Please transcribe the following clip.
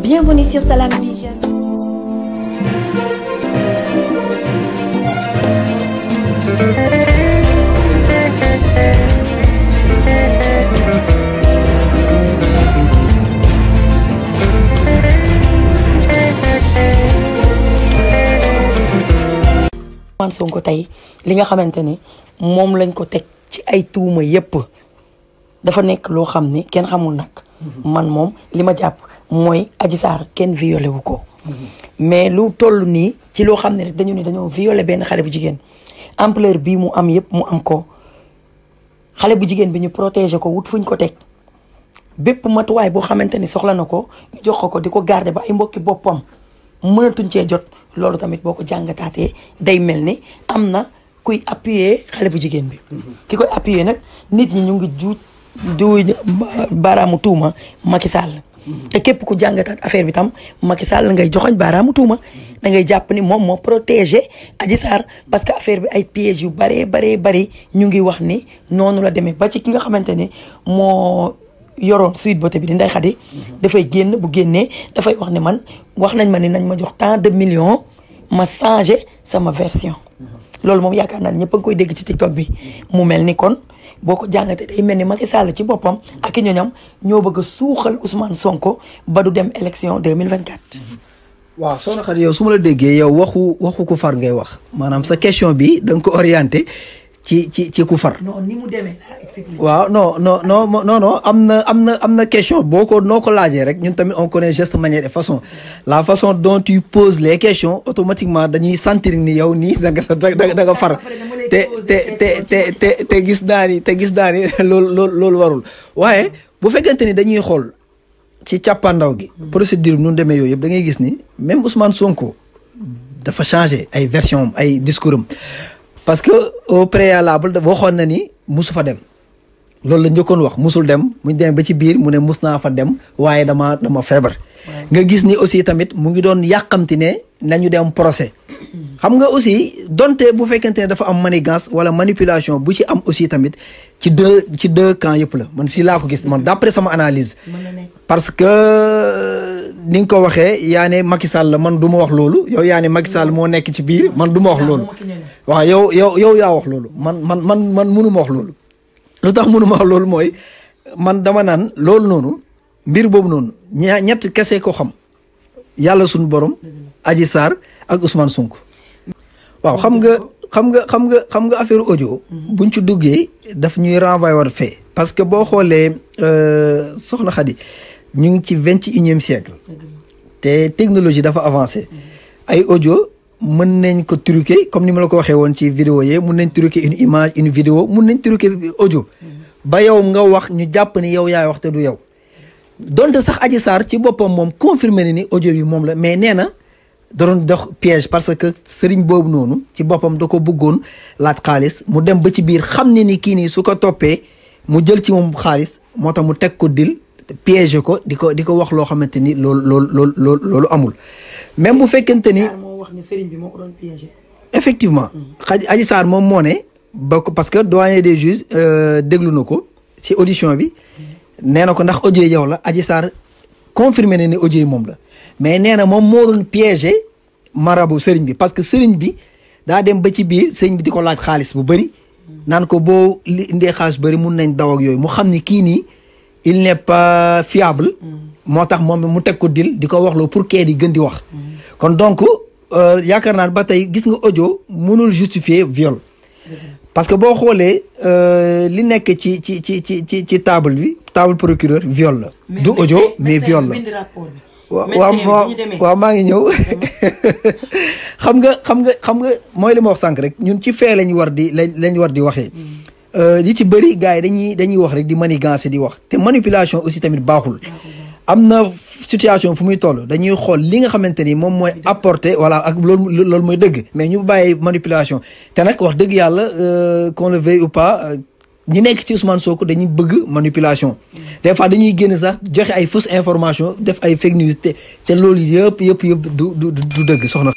Bienvenue sur Salam Vision. Ousmane Sonko tey li nga xamante ne moom lañ ko teg ci ay tuuma yépp dafa nekk loo xam ne kenn xamul nag man moom li ma jàpp mooy Adji Sarr kenn violé wu ko. mais lu toll nii ci loo xam ne rek dañu ni dañoo violé benn xale bu jigéen ampleur bii mu am yëpp mu am ko xale bu jigéen bi ñu protégé ko wut fuñ ko teg bépp matuwaay boo xamante ni soxla na ko ñu jox ko ko di ko garder ba ay mbokki boppam mënatuñ cee jot loolu tamit boo ko jàngataatee day mel ni am na kuy appuyer xale bu jigéen bi. ki koy appuyer nag nit ñi ñu ngi juut. du baaraamu tuuma Macky Sall te képp ku jàngataat affaire bi tam Macky Sall ngay joxoñ baaraamu tuuma da ngay jàpp ni moom moo protégé Adji Sarr parce que affaire bi ay pièges yu baree baree bari ñu ngi wax ni noonu la demee ba ci ki nga xamante ni moo yoroon suite bote bi di Ndeye Khady dafay génn bu génnee dafay wax ne man wax nañ ma ni nañ ma jox tant de million ma changé sama version loolu moom yaakaar naa ne nga koy dégg ci TikTok bi mu mel ni kon boo ko jàngatee day mel ni Macky Sall ci boppam ak i ñoñam ñoo bëgg a suuxal Ousmane Sonko ba du dem élection 2024. waaw soo Khady yow su ma la déggee yow waxu waxu ko far ngay wax maanaam sa question bi da nga ko orienté. ci ci ci ku far. non ni mu demee waaw non non non non non am na am na am na question boo ko noo ko laajee rek ñun tamit on connaît geste manière et façon la façon dont tu poses les questions automatiquement dañuy sentir ni yow nii da nga da nga far te te te te te gis naa ni te gis naa ni loolu loolu loolu warul waaye bu fekkente ni dañuy xool ci càppandaw gi. procédure bi nu demee yooyu yëpp da ngay gis ni même Ousmane Sonko dafa changé ay version am ay discours am parce que au préalable waxoon na ni musu fa dem loolu la njëkkoon wax musul dem mu dem ba ci biir mu ne mus naa fa dem waaye dama dama feebar. nga gis ni aussi tamit mu ngi doon yàqamti ne nañu dem procès. xam nga aussi donte bu fekkente ne dafa am manigance wala manipulation bu ci am aussi tamit ci deux ci deux camps yëpp la man si laa ko gis man d'après sama analyse. parce que. ni nga ko waxee yaane ne Macky la man du ma wax loolu yow yaa ne Macky moo nekk ci biir man du ma wax loolu. waaw yow yow yow yaa wax loolu man man man man mënu ma wax loolu. lu tax mënu wax loolu mooy man dama naan loolu noonu mbir boobu noonu ña ñett kese ko xam yàlla suñu borom. aji Sarr ak Ousmane sunk waaw xam nga xam nga xam nga xam nga affaire audio. buñ ci duggee daf ñuy renvoyer war fee. parce que boo xoolee euh, soxna Xadi ñu ngi ci vingt et unième siècle te technologie dafa avancer ay audio mën nañ ko truquer comme ni ma la ko waxee woon ci video yee mën nañ truquer une image une vidéo mën nañ truquer audio ba yow nga wax ñu jàpp ni yow yaay wax te du yow donte sax Adji Sarr ci boppam moom confirmé na ni audio yi moom la mais nee na da dox piège parce que sëriñ boobu noonu ci boppam da ko bëggoon laaj xaalis mu dem ba ci biir xam ne ni kii nii su ko toppee mu jël ci moom xaalis moo tax mu teg ko dil piégé ko di ko di ko wax loo xamante ni loolu loolu loolu loolu amul. même bu fekkente ni moo wax ni sëriñ bi moo ko effectivement. Mm-hmm. xaj Adji Sarr moom moo ne. ba ko parce que doyen des juges euh, déglu na ko ci audition bi. Mm-hmm. nee na ko ndax audio yow la Adji Sarr confirmé ne audio yi moom la mais nee na moom moo doon piégé marabu sëriñ bi parce que sëriñ bi daa dem ba ci biir sëriñ bi di ko laaj xaalis bu bëri. Mm-hmm. naan ko boo li indee xaalis bu bëri mun nañ daw ak yooyu mu xam ni kii nii. il n'est pas fiable. moo tax moom mu teg ko dil di ko wax loo pour kee di gën di wax. kon donc euh, yaakaar naa ba tey gis nga audio mënul justifier viol. parce que boo xoolee euh, li nekk ci ci ci ci ci ci table bi table procureur viol la. du audio mais viol la. waaw maa ngi ñëw xam nga xam nga xam nga mooy li ma wax sànq rek ñun ci fee lañu war di lañ lañ war di waxee. Mm. li euh, ci bëri gars yi dañuy dañuy wax rek di manigancé di wax te manipulation aussi tamit baaxul am na situation fu muy toll dañuy xool li nga xamante ni moom mooy apporter voilà ak loolu loolu mooy dëgg mais ñu bàyyi manipulation te nag wax dëgg yàlla euh, qu'on le veuille ou pas ñi nekk ci Ousmane Sonko dañuy bëgg manipulation des fois dañuy génn sax joxe ay fausse information def ay fake news te te loolu yëpp yëpp yëpp du du dëgg soxna.